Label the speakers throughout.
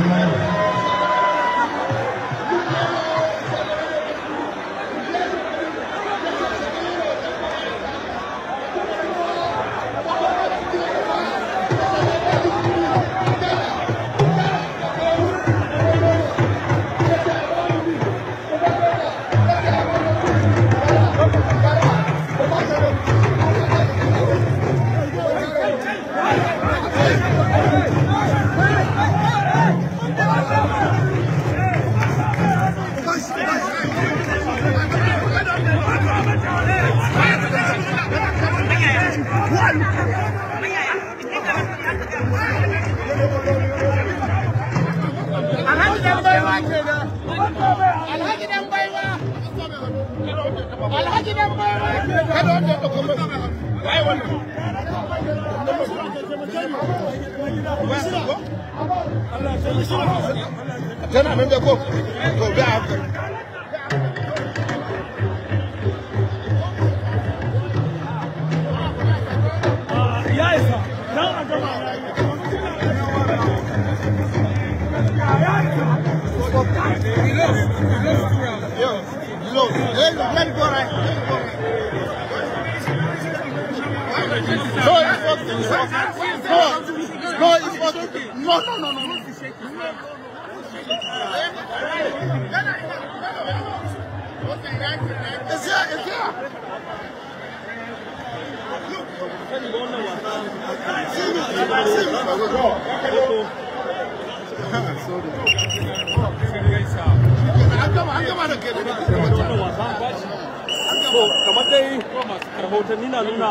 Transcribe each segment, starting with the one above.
Speaker 1: Amen. alhaji dan baiwa kada wanda ya dauko mai wai wannan Allah ya shirya ko to da It's here, it's here. Look, kamar dai rahotanni na nuna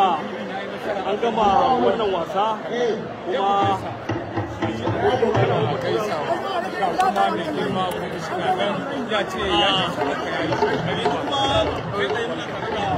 Speaker 1: an gama wannan wasa kuma kuma mai girma ya ce ya shi